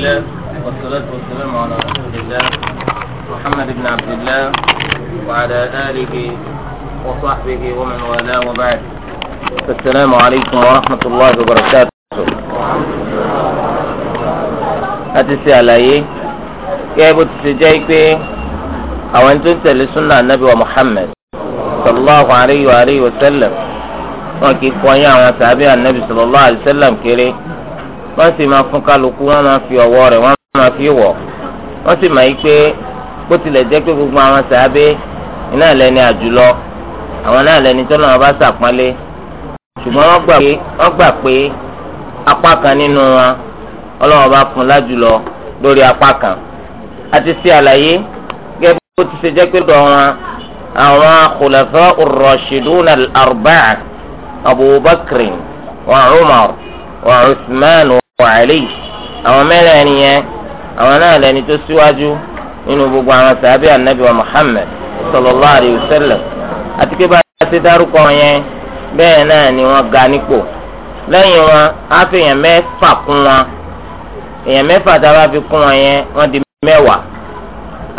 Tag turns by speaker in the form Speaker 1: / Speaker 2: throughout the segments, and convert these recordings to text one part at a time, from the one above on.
Speaker 1: الله والصلاة والسلام على رسول الله محمد بن عبد الله وعلى آله وصحبه ومن والاه وبعد السلام عليكم ورحمة الله وبركاته أتسي علي كيف تسجيك أو أن تنسل لسنة النبي ومحمد صلى الله عليه وآله وسلم وكيف وياه وصحبه النبي صلى الله عليه وسلم كيري wọ́n sì máa fún kálukú wọ́n máa fi ọwọ́ rẹ̀ wọ́n máa fi wọ̀ wọ́n sì máa yí pé bó tilẹ̀ jẹ́ pé gbogbo àwọn sàábé iná lẹni àjùlọ àwọn náà lẹni tó náà bá sàpọ́nlé ṣùgbọ́n wọ́n gbà pé apá kan nínú wọn ọlọ́wọ́n bá fún lájùlọ lórí apá kan àti sí àlàyé gẹ́gẹ́ bó ti ṣe jẹ́ pé dọ̀ wọn àwọn khulafa ar-rashidun al-arba'a abubakar wa umar wa usman wàhálì àwọn mẹ́rẹ̀ẹ̀rin yẹn àwọn náà lẹni tó síwájú nínú gbogbo àwọn sàbí anabi wa muhammed sallallahu alayhi wa sallam àti pé bá a ti dárúkọ wọn yẹn bẹ́ẹ̀ náà ni wọ́n ga nípò lẹ́yìn wọn á fi èèyàn mẹ́fà kún wọn èèyàn mẹ́fà tá a bá fi kún wọn yẹn wọ́n di mẹ́wàá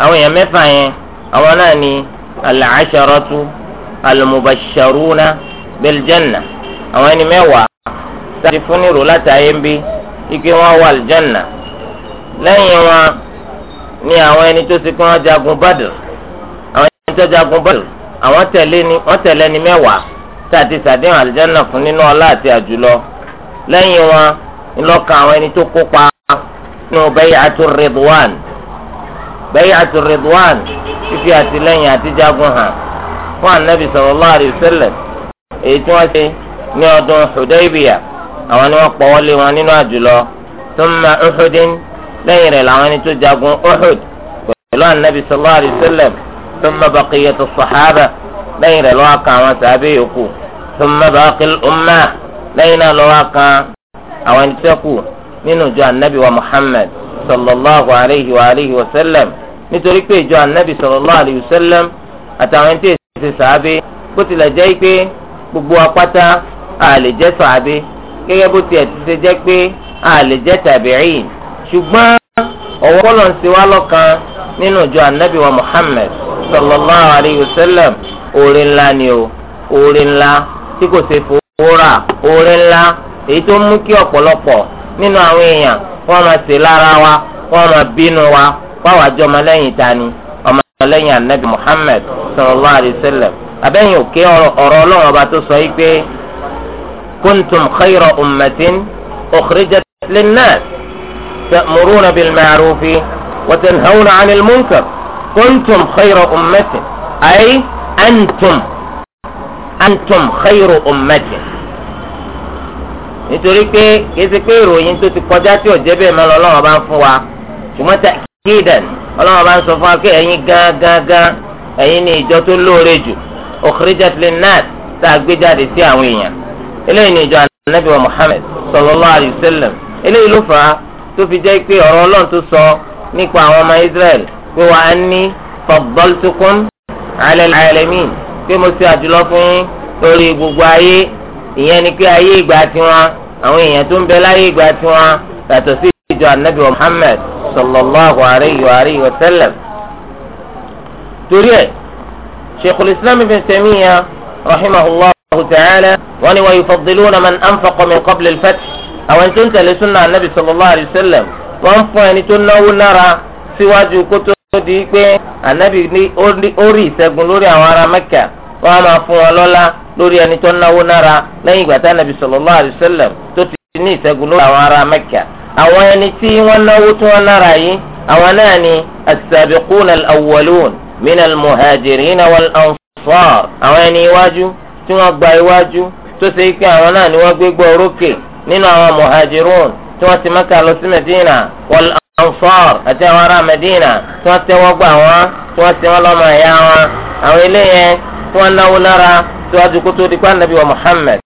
Speaker 1: àwọn èèyàn mẹ́fà yẹn àwọn náà ni al-asharatu al-mubashsharuna àwọn ẹni mẹ́wàá tá ti fún nírò látàáyé ń bí ike wọn wà lìjánà lẹ́yìn wọn ni àwọn ẹni tó ti kún wọn jagun Badr àwọn ẹni tó jagun Badr àwọn tẹ̀lé ni wọ́n tẹ̀lé ni mẹ́wàá tá a ti sàdéhùn àlìjánà fún nínú ọlá àti àjùlọ lẹ́yìn wọn ńlọ́ka àwọn ẹni tó kópa nínú bay'atu Ridwan bay'atu Ridwan fífi àtìlẹ́yìn àti jagun hàn fún anabi sallallahu alaihi wasallam èyí tí wọ́n ṣe ní ọdún Hudaybiya àwọn ni wọ́n pọ̀wọ́ lé wọn nínú àjùlọ thumma uhudin lẹ́yìn rẹ̀ làwọn ẹni tó jagun uhud pẹ̀lú anabi sallallahu alayhi wa sallam thumma baqiyatu sahaba lẹ́yìn rẹ̀ lọ́wọ́ kan àwọn sàbẹ̀ yòókù thumma baqil umma lẹ́yìn náà lọ́wọ́ kan àwọn ẹni tó kù nínú ìjọ anabi wa muhammad sallallahu alayhi wa alihi wa sallam nítorí pé ìjọ anabi sallallahu alayhi wa sallam àtàwọn ẹni ṣe sàbẹ̀ bó tilẹ̀ jẹ́ pé gbogbo apáta àlè jẹ́ sàbẹ̀ gẹ́gẹ́ bó tiẹ̀ ti ṣe jẹ́ pé a lè jẹ́ tàbíìn ṣùgbọ́n ọ̀wọ́ kọ́lọ̀ ń ṣe wá lọ́kan nínú ìjọ anabi wa Muhammad sallallahu alayhi wa sallam oore ńlá ni o oore ńlá tí kò ṣe fòórà oore ńlá èyí tó mú kí ọ̀pọ̀lọpọ̀ nínú àwọn èèyàn wọ́n máa ṣe lára wa wọ́n máa bínú wa wáwá jọ ọmọlẹ́yìn tani ọmọlẹ́yìn anabi Muhammad sallallahu alayhi wa abẹ́yìn òkè ọ̀rọ̀ ọlọ́run ọba tó sọ yìí pé. كنتم خير أمة أخرجت للناس تأمرون بالمعروف وتنهون عن المنكر كنتم خير أمة أي أنتم أنتم خير أمة nítorí pé kése pé ìròyìn tó ti kọjá tí òjẹ́ bẹ́ẹ̀ mọ́ lọ́wọ́ bá ń fún wa ṣùgbọ́n tá kídàn ọlọ́wọ́ bá ń sọ fún wa pé ẹ̀yin gángan ẹ̀yin ni ìjọ tó lóore jù ukhrijat lin nas tá a gbé jáde sí àwọn èèyàn. eléyìí ni ìjọ anabi wa muhammed sallallahu alayhi wa sallam eléyìí ló fà á tó fi jẹ́ pé ọ̀rọ̀ ọlọ́run tó sọ nípa àwọn ọmọ israẹl pé wa anni faddaltukum ala al-alamin pé mo ṣe àjùlọ fún yín lórí gbogbo ayé ìyẹn ni pé ayé ìgbà tiwọn àwọn èèyàn tó ń bẹ láyé ìgbà tiwọn yàtọ̀ sí ìjọ anabi wa muhammed sallallahu alayhi torí ẹ̀ sheikhul islam ibn taymiyyah. رحمه الله تعالى وأن ويفضلون من أنفق من قبل الفتح أو أن كنت لسنة النبي صلى الله عليه وسلم وأنفقني تنو نرى سواج كتب di pé anabi ní ó rí ìṣẹ́gun lórí àwọn ará mẹ́kà wọ́n á máa fún wọn lọ́lá lórí ẹni tó náwó nára lẹ́yìn ìgbà tí anabi sallallahu alaihi wasallam tó ti ní ìṣẹ́gun lórí àwọn ará mẹ́kà àwọn ẹni tí wọ́n náwó tí wọ́n nára yìí àwọn náà ni as-sabiquna al-awwalun min al-muhajirin wal-ansar kufar àwọn ẹni iwájú tí wọ́n gba iwájú tó ṣe pé àwọn náà ni wọ́n gbégbá orókè nínú àwọn muhajirun tí wọ́n ti Mẹ́kà lọ sí Mẹ́dínà wal ansar àti àwọn ará Mẹ́dínà tí wọ́n tẹ́wọ́ gbà wọ́n tí wọ́n ti wọ́n lọ́mọ ẹ̀yà wọn àwọn eléyẹn tí wọ́n náwó lára síwájú kó tó di pa nàbí wa Muhammad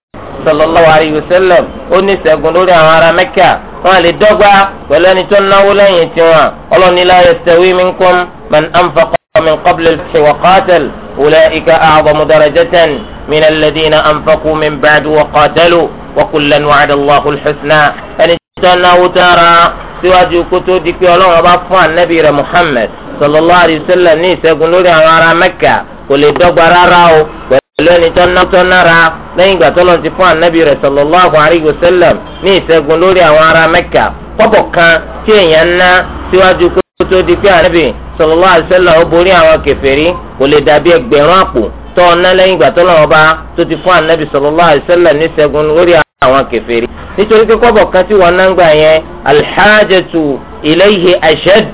Speaker 1: sallallahu alayhi wa sallam ó ní ṣẹ́gun lórí àwọn ará Mẹ́kà wọn lè dọ́gba pẹ̀lú ẹni tó náwó lẹ́yìn tiwọn ọlọ́ni la yastawi minkum man anfaqa min أولئك أعظم درجة من الذين أنفقوا من بعد وقاتلوا وكلا وعد الله الحسنى فنجتناه ترى síwájú kótó di pé ọlọ́run ọba fún anabi rẹ̀ muhammed sallallahu alayhi wa sallam ní ìṣẹ́gun lórí àwọn ará mẹ́kà kò lè dọ́gba rárá o pẹ̀lú ẹni tọ́nà tọ́nàra lẹ́yìn ìgbà tọ́lọ́run ti fún anabi rẹ̀ sallallahu alayhi wa sallam ní ìṣẹ́gun lórí àwọn ará mẹ́kà kọ́bọ̀ kan tí èèyàn ná síwájú kótó kótó di pé ànábì sallallahu alaihi wasallam ó borí àwọn kèfèrí kò lè dàbí ẹgbẹ̀rún àpò tó ọ̀nà lẹ́yìn ìgbà tó lọ́wọ́ bá tó ti fún ànábì sallallahu alaihi wasallam ní ṣẹ́gun lórí àwọn kèfèrí nítorí pé kọ́bọ̀ kan tí wọ́n náà ń gbà yẹn alhajatu ilayhi ashad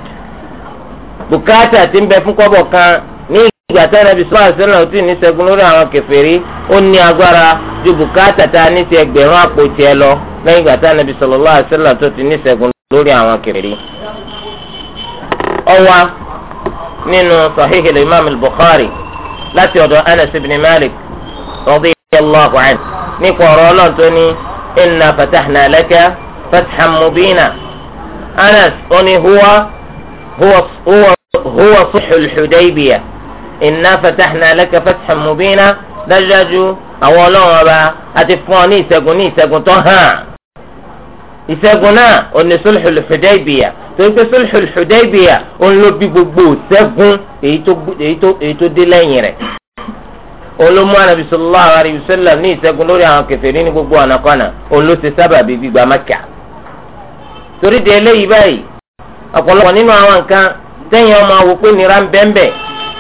Speaker 1: bùkátà ti ń bẹ fún kọ́bọ̀ kan ní ìgbà tí ànábì sallallahu alaihi wasallam ti ní ṣẹ́gun lórí àwọn kèfèrí ó ní agbára ju bùkátà tá ní ti ẹgbẹ̀rún àpò tiẹ̀ lọ lẹ́yìn ìgbà tí ànábì sallallahu alaihi tó ti ní ṣẹ́gun lórí àwọn kèfèrí. ọwa nínú sahih imam al-bukhari láti ọ̀dọ̀ anas ibn malik radiyallahu anhu nípa ọ̀rọ̀ ọlọ́run tó ní inna fatahna laka fathan mubina anas ó ní huwa huwa huwa sulhul hudaybiyah inna fatahna laka fathan mubina dájúdájú àwọn ọlọ́run ọba àti fún ọ ní ìṣẹ́gun ní ìṣẹ́gun tó hàn. ìṣẹ́gun náà òní sulhul Hudaybiyah torí pé sulhul Hudaybiyah òun ló bí gbogbo ìṣẹ́gun èyí tó dé lẹ́yìn rẹ̀ òun ló mú anabi sallallahu alayhi wa sallam ní ìṣẹ́gun lórí àwọn kèfèrí ní gbogbo ànàkọ́nà òun ló ti sábàbí gbígba Mẹ́kà torí de eléyìí báyìí ọ̀pọ̀lọpọ̀ nínú àwọn nǹkan tẹ́yìn ọmọ wò pé nira ń bẹ́ńbẹ́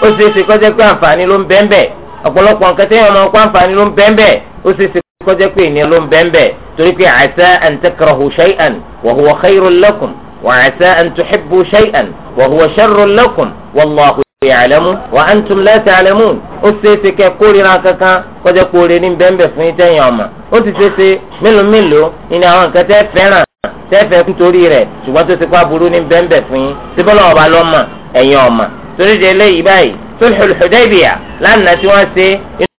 Speaker 1: ó ṣeé ṣe kó pé àǹfààní ló ń bẹ́ńbẹ́ ọ̀pọ̀lọpọ̀ nǹkan tẹ́yìn ọmọ wò àǹfààní ló ń bẹ́ńbẹ́ ó ṣeé ṣe kọjá pé ènìyàn ló ń bẹ́ẹ̀nbẹ́ẹ̀ torí pé asa an takrahu shay'an wa huwa khayrun lakum wa asa an tuhibbu shay'an wa huwa sharrun lakum wallahu ya'lamu wa antum la ta'lamun ó ṣeéṣe kẹ́ kórìíra kankan kọjá pé oore ní bẹ́ẹ̀nbẹ́ẹ̀ fún yín tẹ̀yìn ọmọ ó ti ṣeéṣe mélòó mélòó ìní àwọn nǹkan tẹ́ fẹ́ràn tẹ́fẹ̀ẹ́ nítorí rẹ̀ ṣùgbọ́n tó ti pa burú ní bẹ́ẹ̀nbẹ́ẹ̀ fún yín síbọ́lọ́ ọba lọ́mọ ẹ̀yìn ọmọ torí de eléyìí báyìí Sulhul Hudaybiyah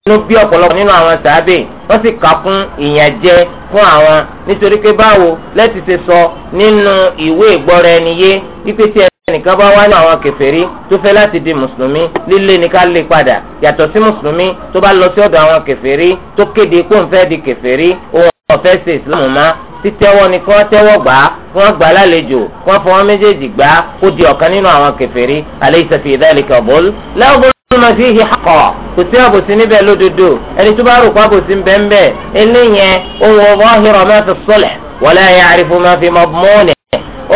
Speaker 1: ló bí ọ̀pọ̀lọpọ̀ nínú àwọn sàábè wọ́n sì kà fún ìyànjẹ fún àwọn nítorí pé báwo lẹ́tì ṣe sọ nínú ìwé ìgbọ́ra ẹni yé wípé tí ẹnìkan bá wá ní àwọn kèfèrí tó fẹ́ láti di mùsùlùmí líle ní ká lè padà yàtọ̀ sí mùsùlùmí tó bá lọ sí ọ̀dọ̀ àwọn kèfèrí tó kéde kó ń fẹ́ di kèfèrí òun ọ̀fẹ́ ṣe ìsìlámù má títẹ́wọ́ ni kí wọ́n tẹ́wọ́ gbà á kí wọ́n gbà á lálejò kí wọ́n fọwọ́ méjèèjì gbà á kó di ọ̀kan nínú àwọn kèfèrí alaysa fi dhalika bọ́ọ̀lù lẹ́wọ̀n ma fi hi kọ kò sí àbòsí níbẹ̀ lódodo ẹni tó bá rò pa àbòsí bẹ́ẹ̀nbẹ́ eléyẹn ohun ọba ọhìrọ̀ máa fi sọlẹ̀ wọlé ẹ̀yà àrífò máa fi máa mọ́ ọ̀nẹ̀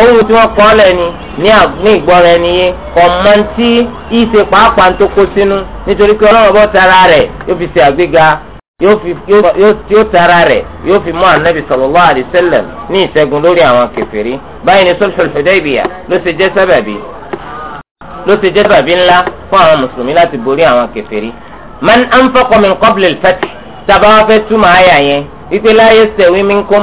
Speaker 1: ohun tí wọ́n kọ́ lẹ́ni ní ìgbọ́ra ẹni yé kọ̀mọ́ntì ìṣe pàápàá tó kó sínú nítorí pé ọlọ́run bọ́ tara rẹ̀ yóò fi ṣe àgbéga yóò tara rẹ̀ yóò fi mú anabi sallallahu alaihi ní ìṣẹ́gun lórí àwọn kèfèrí báyìí ní sulhul Hudaybiyah ló ṣe jẹ́ sábàbí ló ti jẹ́ bàbí ńlá fún àwọn mùsùlùmí láti borí àwọn kèfèrí man anfaqa min qabli al-fath tàbá wá fẹ́ túmọ̀ àyà yẹn wípé la yastawi minkum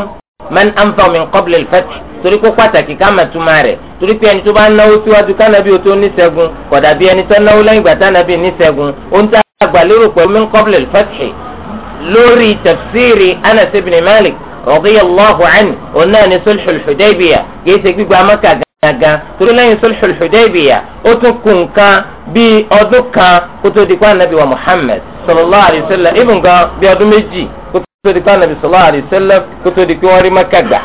Speaker 1: man anfaqa min qabli al-fath torí kó pàtàkì ká máa túmọ̀ rẹ̀ torí pé ẹni tó bá náwó síwájú kánábì ó tó níṣẹ́gun kódà bí ẹni tó náwó lẹ́yìn ìgbà tánábì níṣẹ́gun ó ń tá àgbàlérò pẹ̀lú min qabli al lórí tafsiri Anas ibn Malik gangan torí lẹ́yìn sulhul Hudaybiyah ó tún kù nǹkan bíi ọdún kan kó tó di kó anabi wa muhammed sallallahu alayhi wa sallam ibùn gan bíi ọdún méjì kó tó di kó anabi sọlọ́ alayhi kó tó di kó wọ́n rí Mẹ́kà gbà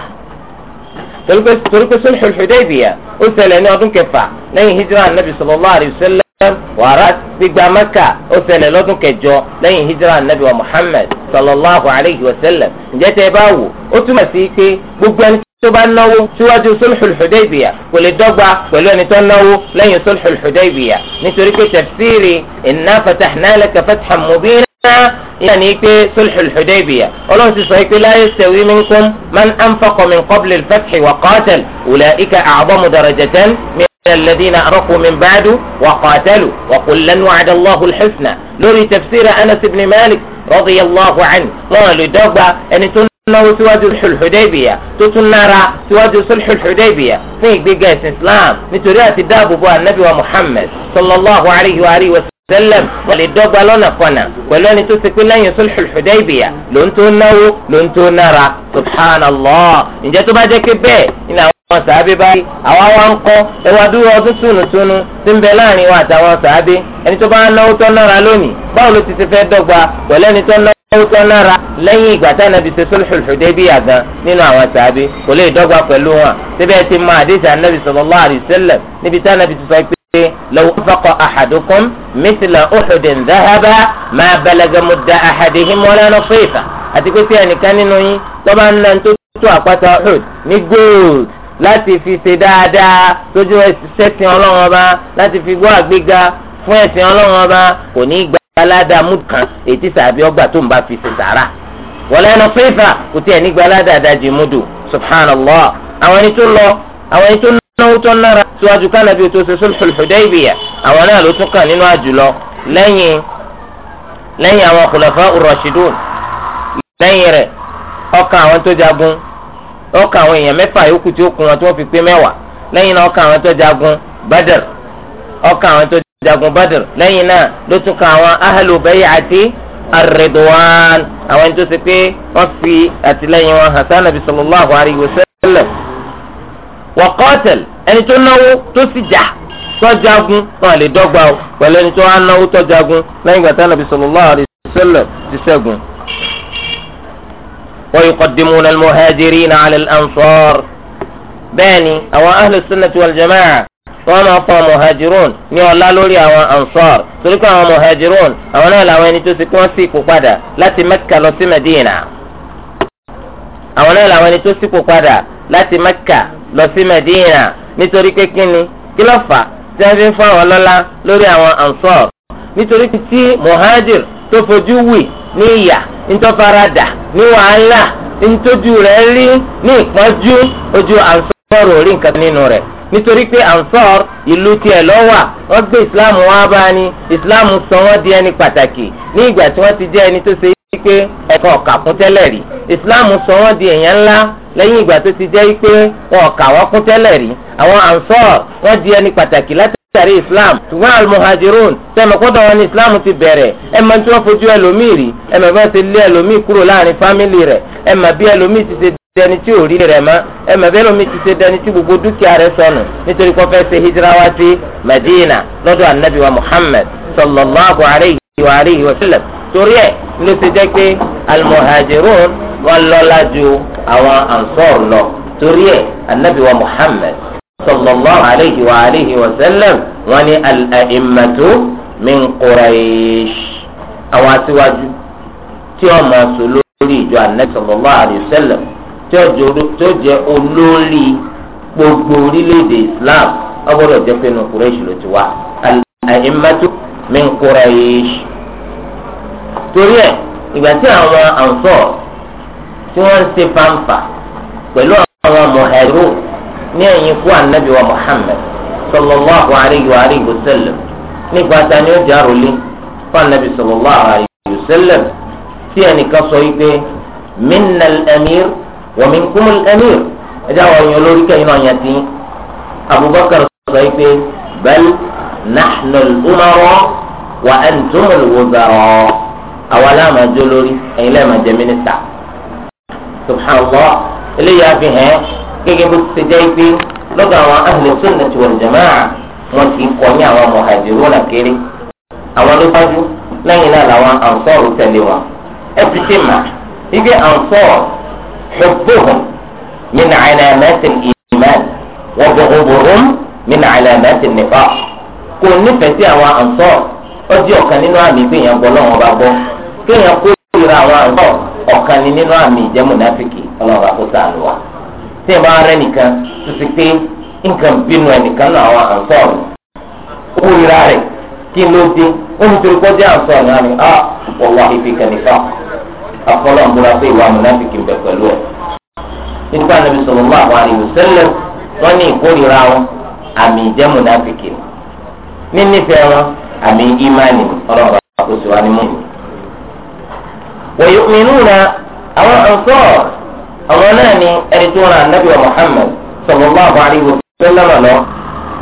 Speaker 1: torí pé sulhul Hudaybiyah ó ṣẹlẹ̀ ní ọdún kẹfà lẹ́yìn hijira anabi sallallahu alayhi wa sallam wàrà gbígbà mẹ́kà ó ṣẹlẹ̀ lọ́dún kẹjọ lẹ́yìn hijira anabi wa muhammed sallallahu alayhi wa sallam ǹjẹ́ tẹ́ ẹ bá wò ó túmọ̀ sí pé gbogbo ẹni tó bá náwó síwájú sulhul hudaybiya kò lè dọ́gba pẹ̀lú ẹni tó náwó lẹ́yìn sulhul hudaybiya nítorí pé tafsiri inna fatahna laka fathan mubina ìyá ni ikpe sulhu hudaybiya ọlọ́run ti sọ ikpe la yastawi minkum man anfaqa min qabli al-fathi wa qatal ulaika a'zamu darajatan min الذين أرقوا من بعد وقاتلوا وكلا وعد الله الحسنى لوري تفسير أنس بن مالك رضي الله عنه قالوا دغبا أن náwó síwájú Hudaybiya tó tún nára síwájú Hudaybiya fún ìgbéga ẹ̀sìn Islam nítorí àti dáàbò bo anabi wa Muhammad sallallahu alayhi wa alihi wa sallam wọ́n lè dọ́gba lọ́nà kọ́nà pẹ̀lú ẹni tó ti pé lẹ́yìn Hudaybiya ló ń tó náwó ló ń tó nára subhanallah ǹjẹ́ tó bá jẹ́ pé bẹ́ẹ̀ ni àwọn sàábé báyìí àwa wa ń kọ́ ẹwà dúró ọdún túnútúnú tí ń bẹ láàrin wa àtàwọn sàábé ẹni tó bá náwó tó nára lónìí báwo ló ti ti fẹ́ dọ́gba pẹ̀lú ẹni tó náwó ọ̀tọ̀ lára lẹ́yìn ìgbà tí anabi ṣe sulhul Hudaybiyah gan nínú àwọn sàbí kò lè dọ́gba pẹ̀lú wọn síbẹ̀ ti mọ àdéhùn anabi sallallahu alaihi wasallam níbi tí anabi ti sọ pé law anfaqa ahadukum mithla uhudin dhahaba ma balagha mudda ahadihim wala nasifa àti pé tí ẹnìkan nínú yín tó ń nà tó tó àpáta Uhud ní gold láti fi ṣe dáadáa tójú ẹsẹ̀ sẹ́sìn ọlọ́run ọba láti fi gbọ́ àgbéga fún ẹ̀sìn ọlọ́run aládà múd kan ètí sàbí ọgbà tó ń bá fi ṣe sàrà wọlé ẹnu fífà kò tí ẹ nígbà aládà dájú múdù subhanallah àwọn ẹni tó lọ àwọn ẹni tó náwó tó nára síwájú kánàbí tó ṣe sulhul hudaybiyah àwọn náà ló tún kàn nínú àjùlọ lẹ́yìn lẹ́yìn àwọn khulafa urrashidun lẹ́yìn rẹ̀ ọkà àwọn tó jagun ọkà àwọn èèyàn mẹ́fà yòókù tí ó kù wọn tí wọ́n fi pé mẹ́wàá lẹ́yìn náà ọkà àwọn tó jagun badr ọkà àwọn tó jagun badr lẹ́yìn náà ló tún kan àwọn ahlu bay'ati ar-ridwan àwọn ẹni tó ṣe pé wọ́n fi àtìlẹ́yìn wọn hàn sáà nàbì sallallahu alayhi wa sallam wa qatal ẹni tó náwó tó sì jà tọ́jagun náà lè dọ́gba o pẹ̀lú ẹni tó á tọ́jagun lẹ́yìn gbàtà nàbì sallallahu alayhi wa ti ṣẹ́gun. wa yuqaddimuna al-muhajirina ala al-ansar bẹ́ẹ̀ni wọ́n máa fún àwọn muhajirun ní ọlá lórí àwọn ansar torí pé àwọn muhajirun àwọn náà làwọn ẹni tó ti kí wọ́n sí ipò padà láti mẹ́kà lọ sí medina àwọn náà làwọn ẹni tó sí ipò padà láti mẹ́kà lọ sí medina nítorí pé kíni kí ló fà tí wọ́n fi ń fún àwọn lọ́lá lórí àwọn ansar nítorí tí muhajir tó fojú wì ní ìyà ntọ́faradà ní wàhálà ntójú rẹ̀ rí ní ìpọ́njú ojú ansar ò rí nǹkan nínú rẹ̀ nítorí pé ansor ìlú tiẹ̀ lọ́wà wọ́n gbé islam wá bá ní islam sọ wọ́n di ẹni pàtàkì ní ìgbà tí wọ́n ti jẹ́ ẹni tó ṣe é pé ẹ̀kan ọ̀kà kún tẹ́lẹ̀ rí islam sọ wọ́n di èèyàn ńlá lẹ́yìn ìgbà tó ti jẹ́ pé wọn ọ̀kà wọn kún tẹ́lẹ̀ rí àwọn ansor wọ́n di ẹni pàtàkì látàrí islam ṣùgbọ́n almuhajirun sẹ́mi kọ́dọ̀ wọn ni islam ti bẹ̀rẹ̀ ẹ mọ tí wọ́n fojú ẹlòmíì rí ẹ mọ bí dẹni tí ò rí rẹ̀ mọ́ ẹmẹ bẹ́ẹ̀ lómi ti ṣe dẹni tí gbogbo dúkìá rẹ̀ sọnù nítorí kó fẹ́ ṣe hijira wá sí Madina lọ́dọ̀ anabi wa Muhammad sallallahu alayhi wa alayhi wa sallam torí ẹ̀ ló ti jẹ́ pé almuhajirun wọn lọ́lá ju àwọn ansor lọ torí ẹ̀ anabi wa Muhammad sallallahu alayhi wa alayhi wa sallam wọn ni al min Quraysh àwọn aṣíwájú tí wọn mọ̀ sọ lórí ìjọ anabi sallallahu alayhi wa sallam tí ó jẹ́ olórí gbogbo orílẹ̀-èdè Islam ọgbọ́dọ̀ jẹ́ pé nù Quraysh ló ti wá al-a'immatu min Quraysh. torí ẹ̀ ìgbà tí àwọn Ansar tí wọ́n ń ṣe fanfa pẹ̀lú àwọn mọ̀hẹ́rù ní ẹ̀yìn kú ànábì wa Muhammad sallallahu alayhi wa alihi wa sallam nípa ta ni ó jẹ́ àròlé fún ànábì sallallahu alayhi wa sallam tí ẹnìkan sọ yìí pé minna al-amir wọ̀mí kúmù ẹ̀mí ẹ̀dá àwọn èèyàn olórí kẹ́yìn náà yẹn ti Abubakar sọ yìí pé bal nahnu al-umara wa antum al-wuzara àwọn aláàmájọ lórí ẹ̀yin lẹ́ẹ̀májẹ mínísítà subhanallah eléyìí á fi hàn gẹ́gẹ́ bó ti jẹ́ pé lọ́dọ̀ àwọn ahlu sunnati wal jamaa wọn kì í kọ́ ní àwọn muhajirun kéré àwọn ló bá lẹ́yìn náà làwọn ansọ́ọ̀rù tẹ̀lé wọn ẹ ti ṣe mà ibi ansọ́ọ̀rù حبهم من علامات الإيمان وبغضهم من علامات النفاق kò nífẹ̀ẹ́ sí àwọn ànsọ́ ó jẹ́ ọ̀kan nínú àmì pé èèyàn gbọ́ lọ́wọ́ bá gbọ́ kéèyàn kó ìra àwọn ànsọ́ ọ̀kan ni nínú àmì ìjẹ́ mùnáfíkì ọlọ́run bá kó sàánú wa tí ìbá rẹ nìkan tó ti pé nǹkan bínú ẹnìkan náà àwọn ànsọ́ rẹ̀ ó ìra rẹ̀ kí ló dé ó nítorí pé ó jẹ́ ànsọ́ rẹ̀ wọ́n á ní ah wọ́n wá ibi kan nìkan akọ́lọ́ ń búra pé ìwà mùnáfíkì ń bẹ pẹ̀lú ẹ̀. nípa Ànábì sallallahu alaihi wasallam wọ́n ní ìkórìíra wọn àmì ìjẹ́ mùnáfíkì ní nífẹ̀ẹ́ wọn àmì ìmánì ọlọ́run àkóso wa ní mọ́ni. wa yu'minuna àwọn ọ̀sọ́ àwọn náà ni ẹni tó ran Ànábì wa Muhammad sallallahu alaihi wasallam lọ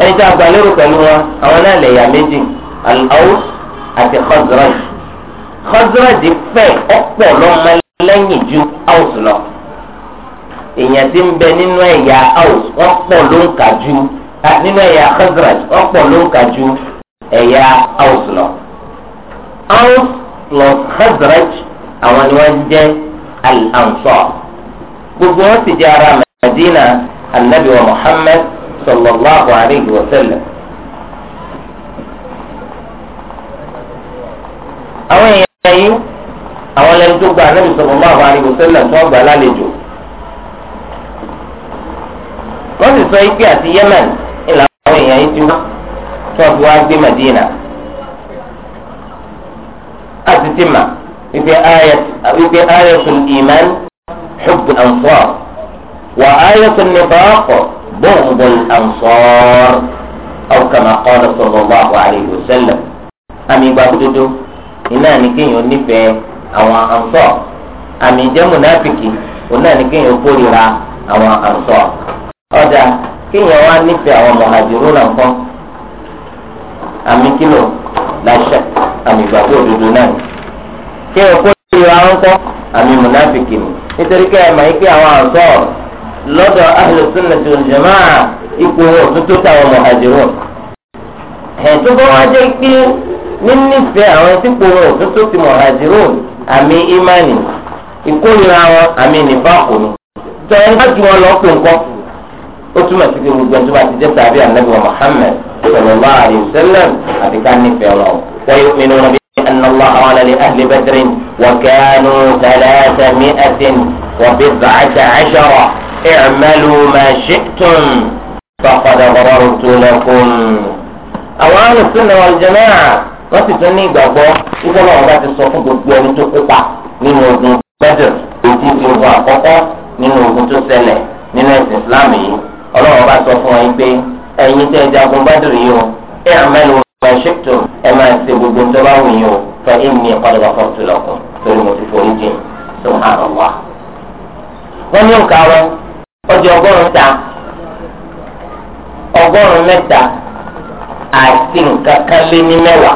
Speaker 1: ẹni tó agbalérò pẹ̀lú wọn àwọn náà lẹ̀yà méjì àti Khazraj pẹ̀ ọ̀pọ̀ lọ́mọlẹ́yìn ju Aus lọ èèyàn ti ń bẹ nínú ẹ̀yà Aus wọ́n pọ̀ ló ń kà ju nínú ẹ̀yà Khazraj wọ́n pọ̀ ló ń kà ju ẹ̀yà Aus lọ. Aus plus Khazraj àwọn ni wọ́n jẹ́ al gbogbo wọn sì jẹ́ ara Madina anabi wa Muhammad sallallahu alayhi wa sallam. àwọn èèyàn. ẹyin àwọn lẹni tó gba anabi sallallahu alaihi wasallam tó gba lálejò wọ́n sì sọ ike àti yemen ìlà àwọn èèyàn yìí ti wá tó a fi wá gbé madina àti ti mà wípé ayat wípé ayatul iman hubbul ansar wa ayatul nifaq bughbul ansar aw kama qala sallallahu alaihi wasallam àmì ìgbà gbódódó. iná ní kéèyàn nífẹ̀ẹ́ àwọn ànsọ́ àmì ìjẹ́ mùnáfìkì òun náà ní kéèyàn kórìíra àwọn ànsọ́ ọ̀dà kéèyàn wá nífẹ̀ẹ́ àwọn mọ̀hàjìrún náà kọ́ àmì kílò láṣẹ àmì ìgbàgbọ́ òdodo náà kéèyàn kórìíra àwọn kọ́ àmì mùnáfìkì ni nítorí kéèyàn máa ń pè àwọn ànsọ́ lọ́dọ̀ ahlu sunnati wal jamaa ipò òtútù táwọn mọ̀hàjìrún ẹ̀ tó bá wá jẹ́ pé nínífẹ̀ẹ́ àwọn sípò wọn òtútù ti mọ̀hajirun àmì ìmánì ìkórìíra wọn àmì nìbáàkù ni. sọ̀rọ̀ nípa ju wọn lọ pé nǹkan ó túmọ̀ sí pé gbogbo ẹ̀tọ́ bá ti jẹ́ sàbí ànábì wa Muhammad sallallahu alayhi wa sallam àti ká nífẹ̀ẹ́ wọn. wọ́n yóò pinnu wọn bí أن الله قال لأهل بدر وكانوا ثلاثمائة وبضعة عشرة اعملوا ما شئتم فقد غفرت لكم أوان السنة والجماعة wọ́n sì tún ní ìgbàgbọ́ wípé náà wọ́n bá ti sọ fún gbogbo ẹni tó kópa nínú ogun gbẹ́dẹ̀ èyí ti ogun àkọ́kọ́ nínú ogun tó ṣẹlẹ̀ nínú ẹ̀sìn Islam yìí ọlọ́wọ́n bá sọ fún wọn pé ẹ̀yin tẹ́ jagun gbẹ́dẹ̀ yìí o ẹ̀ àmẹ́lò ẹ̀ ṣètò ẹ̀ máa ṣe gbogbo tó bá wù yín o fẹ́ ẹ̀mí ìpàdébà fún tìlọ̀kùn torí mo ti forí jìn subhanallah. wọ́n ní òǹkà wọn ọjọ́ ọgọ́rùn-ún ta ọgọ́rùn-ún mẹ́ta àti nǹkan kan lé ní mẹ́wàá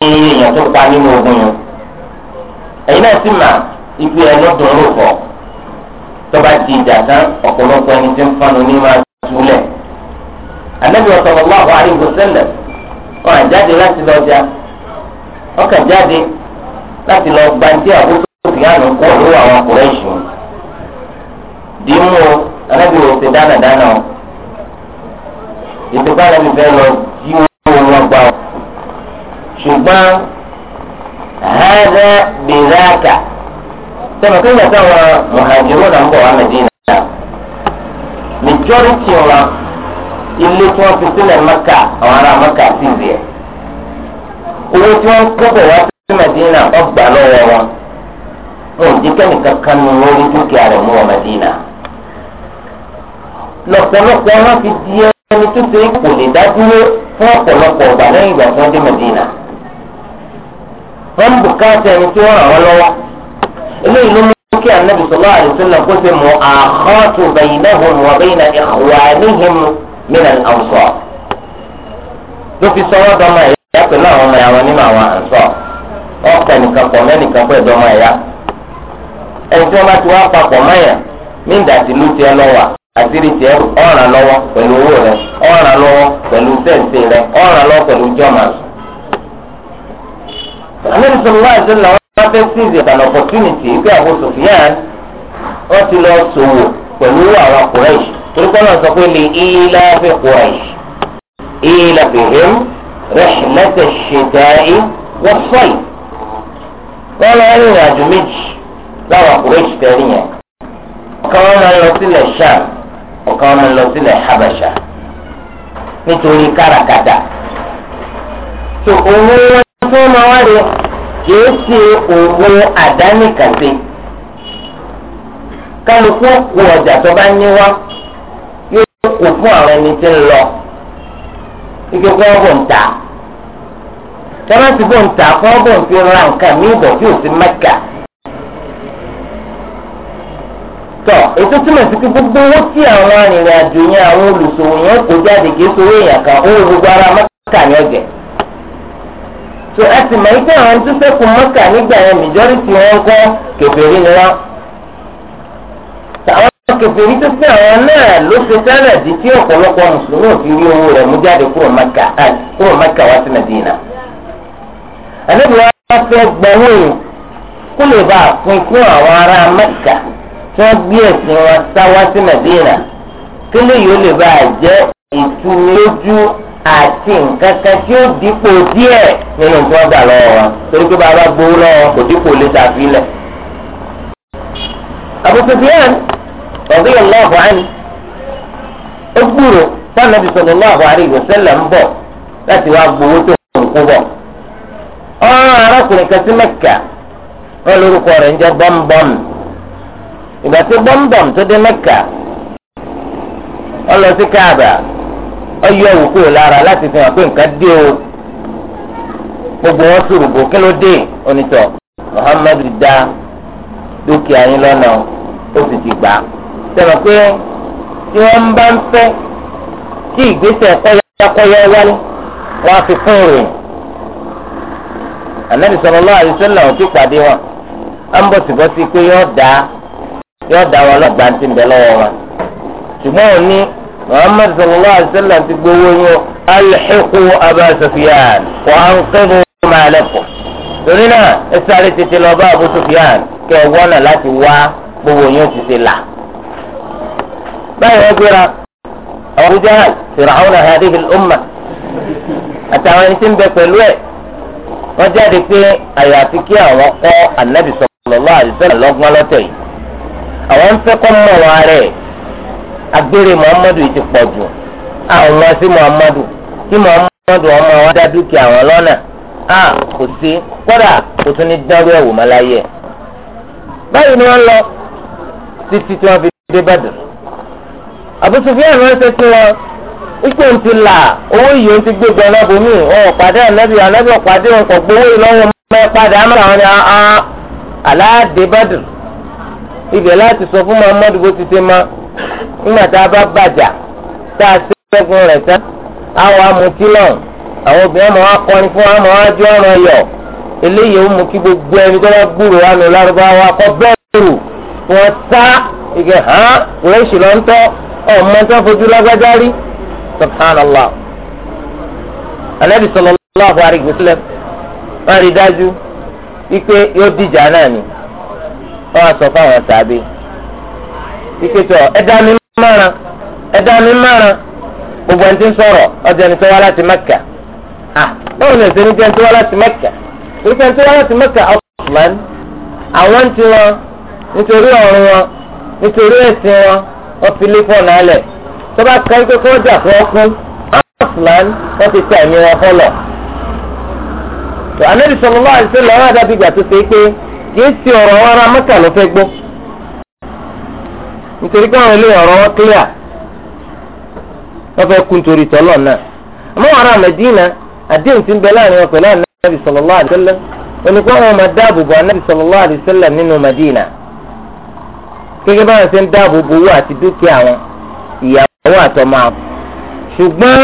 Speaker 1: ní èèyàn tó pa nínú ogun yẹn ẹ̀yin náà sì mà ibi ẹlọ́dún ló fọ́ tọ́ba di ìjà tán ọ̀pọ̀lọpọ̀ ẹni tí ń fanu ní máa túlẹ̀ Ànábì sallallahu alaihi wasallam wọn àjáde láti lọ jà wọn kà jáde láti lọ gbanti àkókò fìyànù kó lówó àwọn Kùrẹ́ṣì dìímù Ànábì òsè dánadáná o ìdúgbò Ànábì fẹ́ lọ jí owó wọn gbà o ṣùgbọ́n hada bizaka sọ̀rọ̀ kí nígbà táwọn mọ̀hàjúrò náà ń bọ̀ wá Mẹ́dínà majority wọn ilé tí wọ́n fi sílẹ̀ Mẹ́kà àwọn ará Mẹ́kà sì rí ẹ̀ owó tí wọ́n kọ́bẹ̀ wá sí Mẹ́dínà ọgbà lọ́wọ́ wọn wọn ò jẹ́ kẹ́nìkan kan nu lórí dúkìá rẹ̀ mú wọn Mẹ́dínà lọ́pọ̀lọpọ̀ wọn fi di ẹni tó ṣe kò lè dá dúró fún ọ̀pọ̀lọpọ̀ ọgbà lẹ́yìn ìgbà tí wọ́n Mẹ́dínà wọ́n ń bùkátà ẹni tí wọ́n ràn wọ́n lọ́wọ́ eléyìí ló mú kí anabi sọlá àdìsílẹ̀ kó ṣe mọ àkọ́tù bẹ̀yìnẹ́hùn wà bẹ́yìnà ìhùwàníhìn mìíràn àwùsọ̀ ló fi sọ wọ́n dọ́mọ ẹ̀yà pẹ̀lú àwọn ọmọ ẹ̀yàwó nínú àwọn àǹsọ̀ ọ̀kẹ́ nìkan pọ̀ mẹ́nìkan pẹ̀ dọ́mọ ẹ̀yà ẹni tí wọ́n bá ti wá papọ̀ mẹ́yà ní ìdàtí ló ti ẹ àtìrí tiẹ ọ̀ràn lọ́wọ́ pẹ̀lú owó rẹ ọ̀ràn lọ́wọ́ pẹ̀lú sẹ́ǹsì rẹ ọ̀ràn lọ́wọ́ pẹ̀lú jọ́mọ̀sì àmì sọlá ìṣẹ̀lẹ̀ wọn fẹẹ seize an opportunity pé Abu Sufyan wọn ti lọ sòwò pẹ̀lú àwọn Quraysh torí pé wọn sọ pé lè ilá fi Quraysh ilá fi him rẹ̀ṣẹ̀lẹ̀tẹ̀ ṣẹ̀dáì wọ́n sọ̀yì wọn lọ rìnrìn àjò méjì láwọn Quraysh tẹ̀lé yẹn ọ̀kan wọn máa lọ sílẹ̀ Sham ọ̀kan wọn máa lọ sílẹ̀ Habasha nítorí káràkátà tó owó wọn tó máa kìí ṣe òwò àdánìkànṣe kálukú kó ọjà tó bá ní wá yóò kó fún àwọn ẹni tí ń lọ ike kó ọbọ ń tà tọ́lá ti bọ̀ ń tà kó ọbọ ń fi ra nǹkan ní ìbọ̀ tí ò sí mẹ́kà tọ ètò túmọ̀ sí pé gbogbo owó tí àwọn arìnrìn àjò yẹn àwọn olùsòwò yẹn kó jáde kìí sọ owó èèyàn kan owó gbogbo ara mẹ́kà ní ọ̀gẹ̀ẹ́ tó ẹ sì mọ̀ ike àwọn tó sẹ́kù mọ́kà nígbà yẹn majority wọn kọ́ kèfèrí ni wọn. àwọn kèfèrí tó sẹ́ àwọn náà ló ṣe tẹ́lẹ̀ di tí ọ̀pọ̀lọpọ̀ mùsùlùmí ò fi rí owó rẹ̀ mú jáde kúrò mọ́kà kúrò mọ́kà wá sí Mẹ́dínà. àlejò wa fẹ́ gbọ́wọ́ yìí kó lè bá a pin fún àwọn ará mẹ́kà tí wọ́n gbé ẹ̀sìn wọn sá wá sí Mẹ́dínà kí lè yóò lè bá a jẹ́ ìtúlójú àti nǹkan kan tí ó dípò díẹ̀ nínú tí wọ́n gbà lọ́wọ́ wa torí pé bàbá gbowó lọ́wọ́ kò dípò lè ta sílẹ̀. Abu Sufyan radiyallahu anhu ó gbúrò Ànábì sallallahu alaihi wasallam ń bọ̀ láti wá gbowó tó ń kú bọ̀. ọ̀rọ̀ arákùnrin kan sí Mẹ́kà wọ́n lórúkọ rẹ̀ ń jẹ́ bọ́m̀bọ́m. ìgbà tí bọ́m̀bọ́m tó dé Mẹ́kà ó ọyọ òwò kúrò lára láti fi hàn pé nǹkan dé o gbogbo wọn sòrògbò kí ló dé onítọ Muhammad da dúkìá yín lọ́nà ó sì ti gbà á sẹ́wọ̀n pé tí wọ́n ń bá ń fẹ́ tí ìgbésẹ̀ kọ́yọ́kọ́yọ́ wáyé wọ́n á fi fún rìn Ànábì sallallahu alaihi wasallam ti pàdé wọn á ń bọ̀sibọ́sí pé yọ́ọ́ da yọ́ọ́ da wọn lọ́gbàá ti ń bẹ lọ́wọ́ wọn ṣùgbọ́n òní muhammad sallallahu alayhi wa sallam ti gbowó yín alḥiqu abá sofiyan wà á ń kébù màlẹ́kù torí náà ẹ sáré tètè lọ bá abu sofiyan kẹ ẹ wọ́nà láti wá gbowó yín ti ti là. báyìí wọ́n gbéra abu jahal fìràwọn àhàdìhì umma àtàwọn ẹni tí ń bẹ pẹ̀lú ẹ̀ wọ́n jáde pé àyàfi kí àwọn kọ́ anabi sallallahu alayhi wa sallam lọ́gbọ́n lọ́tọ̀ yìí àwọn ń fẹ́ kọ́ mọ̀ wọn rẹ̀ agbére muhammadu yìí ti pọ̀ jù
Speaker 2: àwọn ọmọ sí muhammadu
Speaker 1: kí muhammadu ọmọ wa dá dúkìá a kò sí kódà kò tún ní dárú ẹ̀wò mọ́láyé báyìí ni wọ́n lọ títí tí wọ́n fi dé Badr. Abu Sufyan ránṣẹ́ sí wọn ìpè ń ti là owó yìí ti gbé wọn pàdé ànábì ànábì ò wọn kò sọ fún muhammadu bó ti máa. nígbà tá a bá bàjá tá a ṣẹ́gun rẹ̀ tán àwọn amutí náà àwọn obìnrin ọmọ wa kọrin fún wa ọmọ wa jọ ọ̀rọ̀ yọ̀ eléyìí ó mú kí gbogbo ẹni tó bá gbúrò wa nù lárúbáwá kọ́ bẹ́ẹ̀rù wọn sá ìgbẹ́ hàn kùrẹ́ṣì lọ́ńtọ́ ọmọ tó fojú lágbájá rí subhanallah anabi sallallahu alayhi wa sallam wọn rí dájú wípé yóò dìjà náà ni wọn sọ fún àwọn sábẹ́ ìpètò ẹ̀dá mi mọ́ra ẹ̀dá mi mọ́ra gbogbo ẹni tí ń sọ̀rọ̀ ọjà ẹni tó wá láti Mẹ́kà ah báwo ni ẹ̀sẹ̀ ní jẹ́ ẹni tó wá láti Mẹ́kà torí pé ẹni tó wá láti Mẹ́kà ọ̀sán àwọn ń tiwọn nítorí ọ̀run wọn nítorí ẹ̀sìn wọn wọ́n fi lé fọ́ọ̀nù alẹ̀ tó bá kọ́ ikú kó jà fún ọkùn ọ̀sán wọ́n ti tẹ̀ ẹ̀mí wọn fọlọ̀ tó Ànábì sallallahu alaihi wasallam dàbí ìgbà tó ṣe pé kì í ti ọ̀rọ̀ wọn ra Mẹ́kà ló fẹ́ gbọ́ nítorí pé àwọn eléyàn ọ̀rọ̀ wọn clear wọ́n fẹ́ kú nítorí tọ́lọ̀ náà àmọ́ àwọn ará Mẹ́dínà àdéhùn ti ń bẹ láàrin wọn pẹ̀lú ànábì sallallahu alaihi wasallam oníkó àwọn máa dáàbò bo ànábì sallallahu alaihi wasallam nínú Mẹ́dínà gẹ́gẹ́ báwọn ṣe ń dáàbò bo owó àti dúkìá wọn ìyàwó àtọmọ àwọn ṣùgbọ́n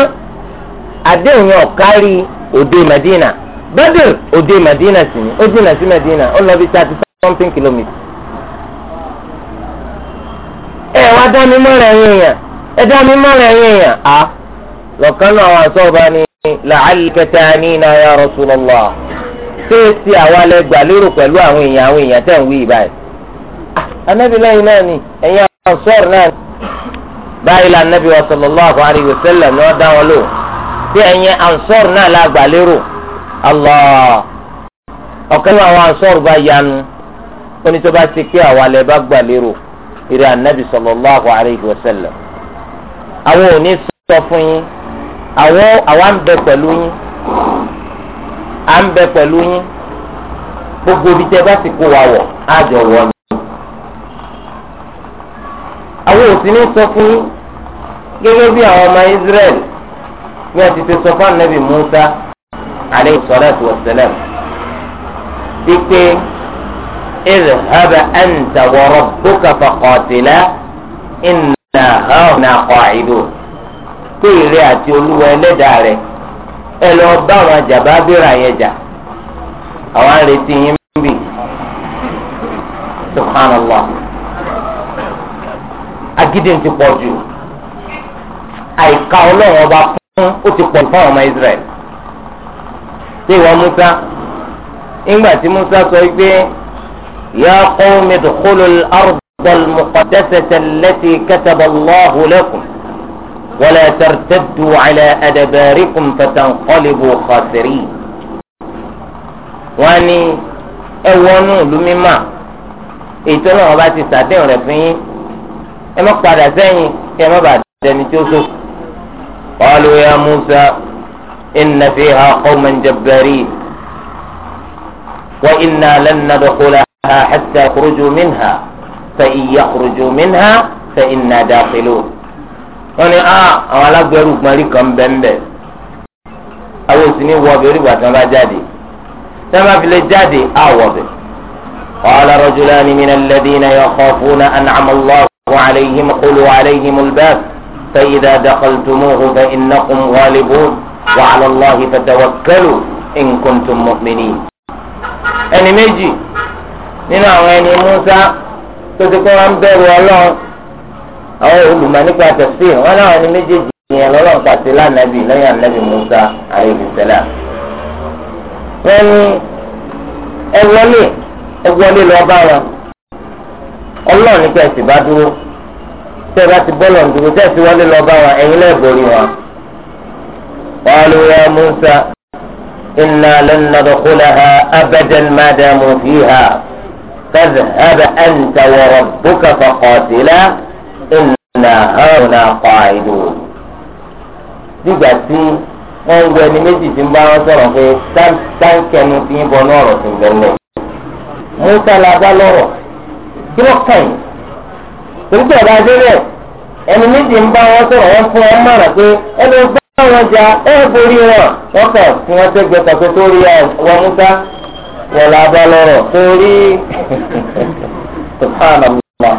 Speaker 1: àdéhùn yẹn ọ̀kárí òde Mẹ́dínà Badr òde Mẹ́dínà sì ni ó jìnnà sí Mẹ́dínà ó lọ bí thirty something kilometres ẹ wá dá mi mọ́ra ẹ̀yìn èèyàn ẹ dá mi mọ́ra ẹ̀yìn èèyàn á lọ́kàn náà àwọn àṣọba ni làálùkẹ́ tá a ní iná ya Rasulullah ṣéèṣì àwa lẹ gbà lérò pẹ̀lú àwọn èèyàn àwọn èèyàn tẹ̀ ń wí báyìí anábìlẹ́yìn náà ni ẹ̀yìn àwọn sọ́ọ̀rù náà báyìí la nabi wa sallallahu alayhi wa sallam ni wọn dá wọn lò tí ẹ̀yin ansor náà la gbà lérò allah ọ̀kan àwọn ansor bá yanu ó bá ti pé àwa lẹ bá gbà lérò ìrẹ anabi sallallahu alayhi wa sallam àwọn ò ní sọ fún yín àwọn àwa ń bẹ pẹ̀lú yín à ń bẹ pẹ̀lú yín gbogbo ibi tẹ́ bá ti kó wa wọ̀ á jọ wọ̀ ni. àwọn ò ní sọ fún yín gẹ́gẹ́ bí àwọn ọmọ Israel bí wọ́n ti sọ fún anabi Musa alayhi salatu wa sallam wípé. اذهب أنت وربك فقاتلا إنا هاهنا قاعدون pé ìrẹ àti olúwa ẹlẹ́dàá rẹ̀ ẹ lọ bá àwọn àjàbá yẹn jà àwọn àrètí yín bì subhanallah agídí ti pọ̀ jù àìka ọlọ́run ọba fún ó ti pọ̀ fún ọmọ Israẹli ṣé ìwọ Musa ńgbà tí Musa sọ pé. يا قوم ادخلوا الأرض المقدسة التي كتب الله لكم ولا ترتدوا على أدباركم فتنقلبوا خاسرين واني ẹwọnú ìlú mímọ́ ètò náà bá ti sàdéhùn rẹ̀ fún yín ẹ má padà sẹ́yìn kí ẹ má bàa dẹni tí ó sọ. قالوا يا موسى إن فيها قوما جبارين وإنا لن ندخلها آه، حتى يخرجوا منها فإن يخرجوا منها فإنا داخلون wọ́n ní ah àwọn alágbẹ̀rù gbọ́nrí kan bẹ́ẹ̀nbẹ́ẹ̀ àwọn òsì ní wọ́ọ̀bì orígbà tí wọ́n bá jáde tí قال رجلان من الذين يخافون أنعم الله عليهم قلوا عليهم الباب فإذا دخلتموه فإنكم غالبون وعلى الله فتوكلوا إن كنتم مؤمنين. ẹni méjì nínú àwọn ẹni Musa tó ti kó wọn bẹ̀rù Ọlọ́run àwọn olùmọ̀ nípa tafsir wọn náà ní méjèèjì lọ́lọ́run pàṣẹ lánàbì lẹ́yìn Musa alayhi wọ́n ní ẹ wọlé ẹ wọlé lọ bá wọn Ọlọ́run ní kí bá dúró tẹ́ ẹ bá ti bọ́ọ̀lù ọ̀dùnkù tẹ́ ẹ sì wọlé lọ bá wọn ẹ̀yin lẹ́ẹ̀ borí wọn. قالوا فاذهب أنت وربك فقاتلا إنا هاهنا قاعدون dígbà tí ń gbọ ẹni méjì tí ń bá wọn sọ̀rọ̀ pé ti ń bọnú ọ̀rọ̀ tó ń bẹlẹ musa la bá lọ́rọ̀ kí ló kàn yín torí pé ọba adélẹ ẹni méjì ń bá wọn sọ̀rọ̀ wọn fún wọn mọ̀ràn pé ẹni bá wọn jà wọ́n la bá lọ́rọ̀ torí subhanallah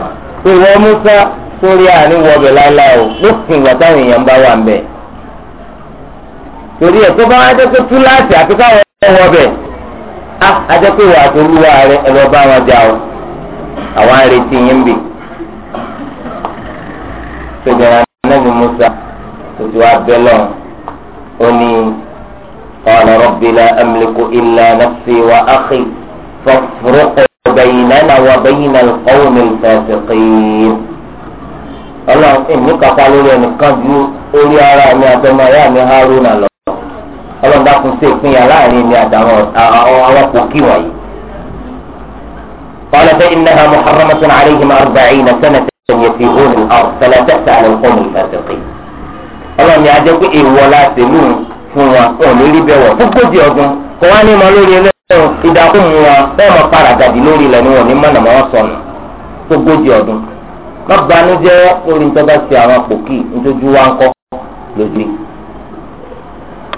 Speaker 1: ìwọ musa torí àní wọbẹ̀ láéláé o lópin ìgbà táwọn èèyàn bá wà ń bẹ̀ torí ẹ̀ tó bá wá jẹ́ pé túláàsì àti káwọn ẹ̀ wọbẹ̀ á ajẹ́ pé ìwà àtolúwa rẹ ẹ lọ bá wọn jà o àwọn arètí yín bì ṣèjọba náà ni musa òjò abẹ́lọ́ọ̀ ó ní. قال رب لا أملك إلا نفسي وأخي فافرق بيننا وبين القوم الفاسقين ọlọ́run èmi kàkà lórí ẹnìkan ju orí ara mi àtọmọ ẹyà mi haruna lọ ọlọ́run bá kún sí ìpínyà láàrin mi àtàwọn àwọn kòkí wọ̀nyí. قال فإنها محرمة عليهم أربعين سنة يتيهون الأرض فلا تأس على القوم الفاسقين. ọlọ́run ni a jẹ́ pé èèwọ̀ la ṣèlú fún wa wọn ò ní rí bẹ́ẹ̀ wọ̀ fúkúdì ọ̀gbun kò wá ní ma lórí ẹlẹ́yìn ìdákùn mu wa bẹ́ẹ̀ ma para gàdí lórí ilẹ̀ ni wọn ní mọ̀nà mọ́ sọnù fúkúdì ọ̀gbun má banújẹ́ orí nítorí ti àwọn pòkì nítorí wa ń kọ́ lójú.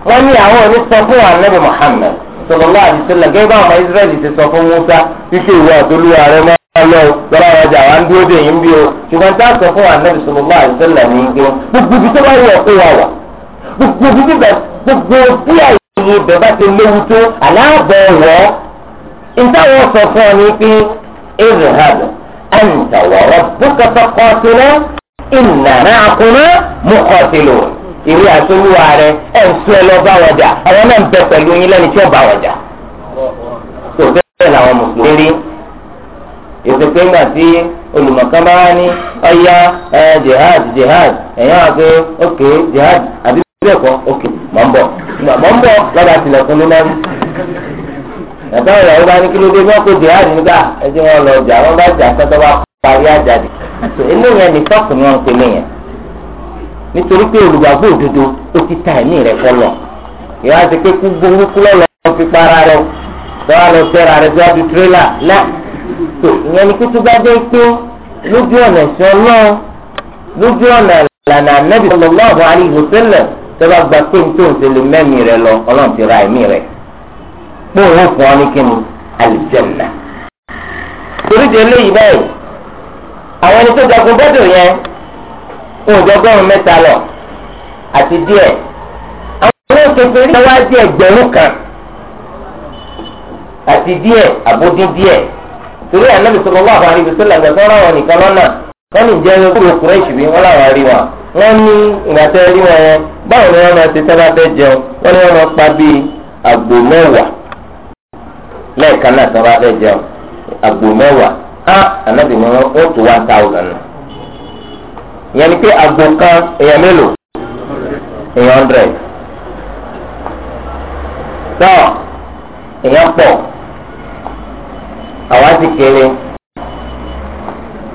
Speaker 1: wọ́n ní àwọn òní sọ fún anabi Muhammad sọlọ́lá àdìsílẹ̀ gẹ́gẹ́ bá ọmọ Israẹli ti sọ fún Musa wípé ìwé àtolúwa rẹ mọ́ lọ lọ́wọ́ ọjà wa ń dúró dè yín bí o ṣùgbọ́n tá a sọ fún anabi sọlọ́lá àdìsílẹ̀ ní gbé gbogbo ibi tó bá yẹ kó wa wà gbogbo gbogbo bẹ gbogbo bí àyè bẹ bá ti léwu tó aláàbọ̀ wọ̀ ìtawọ̀ sọ fún ọ ní pé irhab anta wa rabbuka faqatila inna ma'akuma muqatilun ìwé àtolúwa rẹ ẹ̀ ń sún ẹ lọ bá wọn jà àwọn náà ń bẹ pẹ̀lú yín lẹ́ni tí ó bá wọn tó bẹ́ẹ̀ làwọn mùsùlùmí rí ètò pé ńgbà tí olùmọ̀kán bá wá ní ọ̀ya jihad jihad ẹ̀yàn àti òkè jihad àbí ilé ẹ̀kọ́ ok mọ̀ ń bọ̀ mọ̀ ń bọ̀ lọ́ba tilẹ̀kùn ló máa ń. bàbá ìyàwó bá ní kí ló dé wọ́n kó jihad nígbà ẹjẹ́ wọn lọ jà wọ́n bá jà kí bá parí àjàdì. eléyẹn ní tọ́kù ni wọ́n ń pè léyẹn nítorí pé olùgbàgbọ́ òdodo ó ti ta ẹ̀mí rẹ̀ fọlọ̀ ìyá ti pé kú burúkú lọ́lọ́ fi para rẹ̀ lọ́wọ́ lọ tẹ́ra rẹ̀ síwájú tirẹ́là lá. ìyẹn ni kútu bá dé pé lójú ọ̀nà ìṣọ́ náà lójú ọ̀nà ìlànà ànábì sallallahu alaihi wasallam tẹ́lá gba pé n tó ń tẹ̀lé mẹ́mí rẹ lọ ọlọ́run ti ra ẹ̀mí rẹ pé òun fún ọ ní kí ni àlùjẹ̀nà. torí di eléyìí báyìí àwọn ẹni tó jagun bọ́dọ̀ yẹn ń jọgọ́rùn mẹ́ta lọ àti díẹ̀ àwọn ẹni tó fi wá di ẹgbẹ̀rún kan àti díẹ̀ àbódín díẹ̀ torí ànábì sallallahu alaihi wasallam làgbàsọ́rọ̀ àwọn nìkan lọ́nà wọ́n ní ìjẹ́ kúrò kúrò ìṣìbí wọn làwọn rí wa wọ́n ní ìgbà tẹ́ rí wọn yẹn báwo ni wọ́n máa ṣe sábà fẹ́ jẹun wọ́n ní wọ́n máa pa bíi àgbò mẹ́wàá lẹ́ẹ̀kan náà sábà fẹ́ jẹun àgbò mẹ́wàá á ànábì ni wọ́n tó one thousand ìyẹn ni pé àgbò kan èèyàn mélòó èèyàn hundred tọ́ èèyàn pọ̀ àwa ti kéré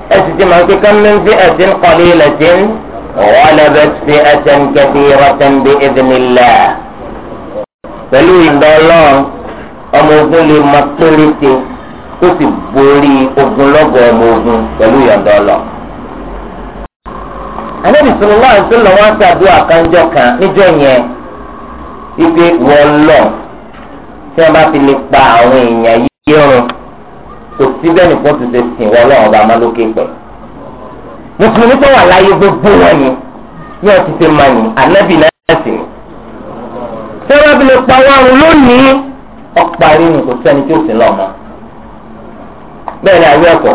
Speaker 1: ẹsì ti máa ń pè kánmí fi ẹsìn kọ́lé lẹ́sìn ọ̀wọ́lẹ́bẹ̀ fi ẹsìn kẹfì rọ́tẹ́ndé ìdìnnìlá. pẹ̀lú ìdánlọ́ ọmọ ogun lè máa péréte tó sì borí ogunlọ́gọ̀ ọmọ ogun pẹ̀lú ìyọ̀dọ́lọ́. Ànábì sallallahu alaihi wasallam wá ṣàdúrà kánjọ́ kan níjọ́ yẹn wípé wọ́n lọ tí wọ́n bá fi lè pa àwọn èèyàn yìí rún kò sí bẹ́ẹ̀ nìkan ti ṣe sìn wọ́n lọ́wọ́ bá malókè pẹ̀. mùsùlùmí tó wà láyé gbogbo wọn ni ní ọtí ṣe máa yìn ànábì náà sì ni. tí wọ́n fi lè pa wọ́n lónìí ọ̀pá rírun kò sẹ́ni tí ó sì lọ́mọ. bẹ́ẹ̀ ni àwọn ẹ̀kọ́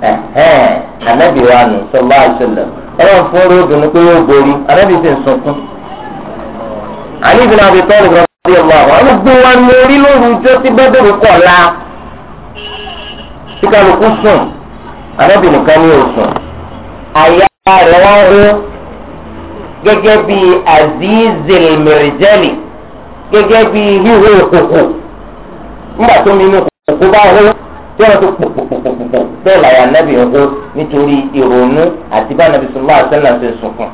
Speaker 1: bẹ́ẹ̀ ànábì wa nù sọlá àṣẹlẹ̀ ọlọ́run fún orí obìnrin pé yóò borí ànábì sì ń sunkún. àníbi náà fi tọ́lù rẹ̀ bí ọmọ àwọn ọmọ gbé wa ní orí lóru jọ́sí bẹ́ẹ̀ bẹ́ẹ̀ tí kálukú sùn arábìnrin kan ní òsùn àyà rẹ̀ wá rú gẹ́gẹ́ bí azizil mẹ̀rẹ̀jẹ́lì gẹ́gẹ́ bí híhó òkòkò nígbà tó mi òkòkò bá rú tí wọ́n ti pòpòpòpòpò bẹ́ẹ̀ làyà nábì rú nítorí ìrònú àti bá nàbì sọ̀rọ̀ àṣẹ náà ṣe sùn fún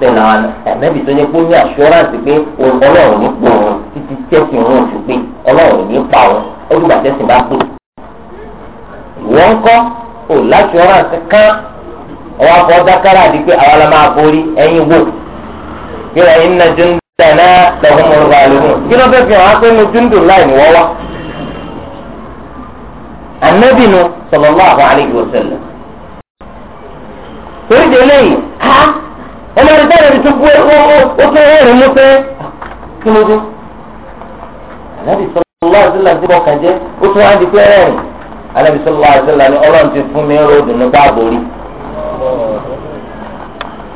Speaker 1: bẹ́ẹ̀ náà ẹ̀nẹ́bì tó yẹ kó ní assurance pé ọlọ́run ní pò wọn títí tẹ́sí wọn oṣù pé ọlọ́run ní pa wọn ó dùgbà tẹ́sí bá pè. ìwọ́n kọ́ ò láṣọ́ránsì kán ọwọ́ afọ dákàrà di pé àwa la máa borí ẹ̀yin wò kí ló ń nàjú ń tẹ̀lé lọ́wọ́ mọ́ ọ̀rọ̀ àlùmọ́ kí ló fẹ́ fi hàn pé mo dúndùn láì ní wọ́wọ́. ànábì nu sallallahu alaihi wasallam. torí délé yìí ẹlẹ́rìí bẹ́ẹ̀ ni tó gbé ó tó rẹ̀ mú pé kí ló dé. ànábì sallallahu alaihi wasallam ti bọ́ kàjẹ́ ó tún wá di pé rẹ̀ ànábì sallallahu alaihi wasallam ni ọlọ́run ti fún mi ròdù ní báàbò rí.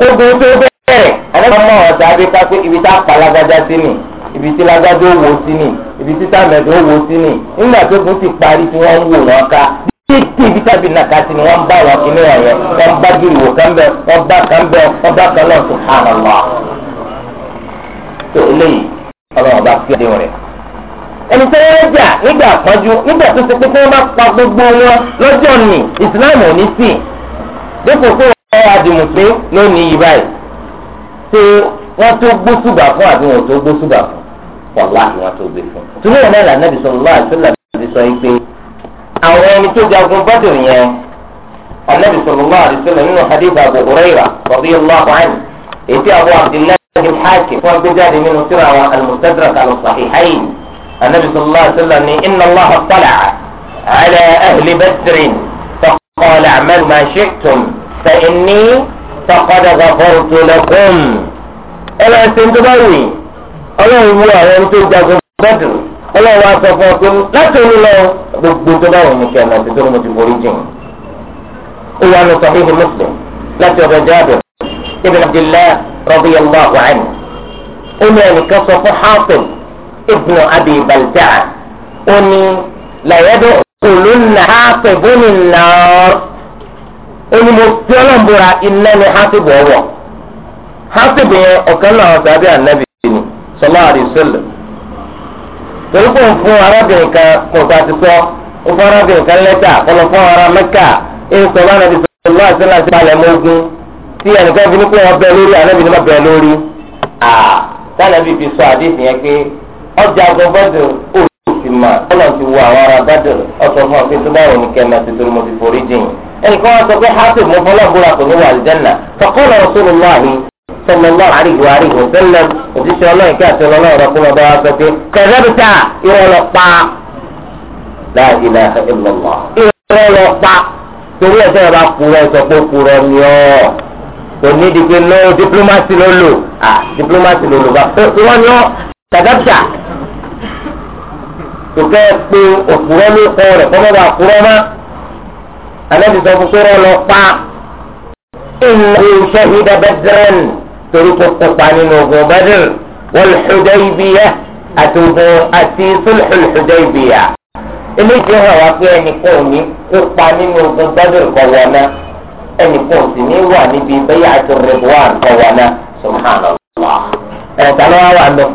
Speaker 1: ogun tó bẹ̀rẹ̀ ànábì ọmọ ọ̀sẹ̀ abíká pé ibi tá a pa lágbájá sí ni ibi tí lágbájá ó wò sí ni ibi tí sàmẹ̀dọ̀ ó wò sí ni nígbà tó kún ti parí tí wọ́n ń wò wọn ká títí ibi tábí nàkàtì ni wọ́n bá wọn kíní wọn yẹn wọ́n bá gíriwò kan bẹ wọ́n bá kan bẹ wọ́n bá kan lọ subhanallah. tó eléyìí ọlọ́run bá fi àdéhùn rẹ̀. ẹni tó wọ́n jà nígbà àpọ́njú nígbà tó ṣe pé kí wọ́n bá pa gbogbo wọn lọ́jọ́ ni ìsìláàmù ò ní sí i. dípò pé wọ́n wá di mùsùlùmí ló ní yí báyìí. ṣé wọ́n tó gbósùbà fún àbí wọn ò tó gbósùbà fún? wàláhì wọn tó gbé fún. tùmí ìrìn àwọn ẹni tó jagun bọ́dọ̀ yẹn anabi sallallahu alaihi wasallam nínú hadith abu huraira radiyallahu anhu ètí abu abdullahi al-hakim wọn gbé jáde nínú síra àwọn al-mustadrak al-sahihayn anabi sallallahu alaihi wasallam ní inna allaha tala'a ala ahli badrin faqala a'malu ma ṣe shi'tum fa inni faqad ghafartu lakum ẹ bá ṣe ń tó bá wù yín ọlọ́run wú àwọn ẹni tó jagun bọ́dọ̀. ọlọ́run wa sọ fún ọ pé láti omi lọ gbogbo tó bá wọn mú kí ọmọ ti tó mo ti borí jìn ó wà lọ sọfún ìhìn Muslim láti ọ̀dọ̀ Jabir ibn Abdillah radiyallahu anhu ó ní ẹnìkan sọ fún Hatim ibn Abi Balta'a ó ní làyẹ́dọ̀ òlùnà Hatibun nar ó ní mo fi ọlọ́mbura iná ní Hatib ọwọ́ Hatib yẹn ọ̀kan náà sàbí ànábì ni sallallahu alaihi torí kò ń fún arábìnrin kan kò sá ti sọ ó fún arábìnrin kan lẹ́tà kọlọ fún ara mẹ́kà èyí sọ bá nàbí sọlá àṣẹlá sí palẹ̀ mọ́ ogun tí ẹnìkan fi ní kó wọn bẹ lórí ànábì ní wọn bẹ lórí. sálẹ̀bí fi sọ àdéhùn yẹn pé ọjà gbọ́dọ̀ òsì mà ọlọ́run ti wo àwọn ará bàdàn ọ̀sọ̀ fún ọ̀fin tó bá wọn ní kẹ́mẹ́ ti torí mo ti forí jìn. ẹnìkan wọn sọ pé hásìf sọlọlọ àríwó àríwó sẹlẹ òṣìṣẹ́ Ọlọ́run kí àti Ọlọ́run ọ̀rọ̀ fún ọba wa sọ pé kẹrẹbìtà irọ́ lọ pa láàyè náà ìlọlọ irọ́ lọ pa torí ẹsẹ yẹn bá kúrọ ẹsọ pé kúrọ ni ọ òní dìgbò lọ dipulomasi ló lò à dipulomasi ló lò bá irọ́ ni ọ kẹrẹbìtà tòkẹ pé òkúrọ ló kọ rẹ kọ́ bá kúrọ mọ́ alẹ́ ti sọ fún sọ́rọ́ lọ pa. إنه شهد بدرا ترك القطعن وهو بدر والحديبية أتوبوا أتي صلح الحديبية eléyìí hàn wá pé ẹnìkan ò ní kópa nínú ogun gbádùn kọwọnà ẹnìkan ò sì ní wà níbi bẹyà àtúrẹbùwà kọwọnà subhana allah ẹnìkan ló wá wà lọ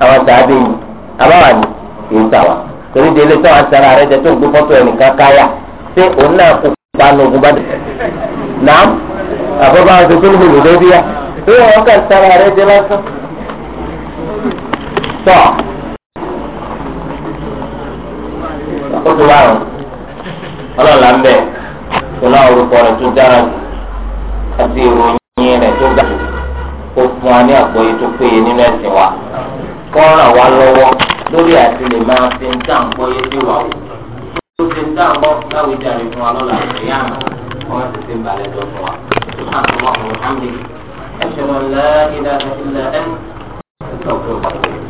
Speaker 1: àwọn sàábẹ yìí àbáwà ni kì í sàwà torí délé tó wà sára rẹ jẹ tó gbé fọ́tò ẹnìkan káyà ṣé òun náà kópa nínú ogun gbádùn náà àbọ̀bá ṣe tó lù lù lórí yá pé wọn kà sára rẹ jẹ lásán. tọ́ ó ti wá rùn ọlọ́ọ̀la ń bẹ̀ ìṣúná orúkọ rẹ̀ tó dára jù àti ìròyìn rẹ̀ tó ga jù ó fún wa ní àgbọ́yé tó péye nínú ẹ̀sìn wa kó ràn wá lọ́wọ́ lórí àti lè máa fi ń dá àgbọ́yé sí wa ó ti ń dá àgbọ́ láwùjáde fún wa lọ́la ìyá àná wọ́n ti ti ń balẹ̀ jọ fún wa. سبحانك اللهم وبحمدك أشهد أن لا إله إلا أنت أستغفرك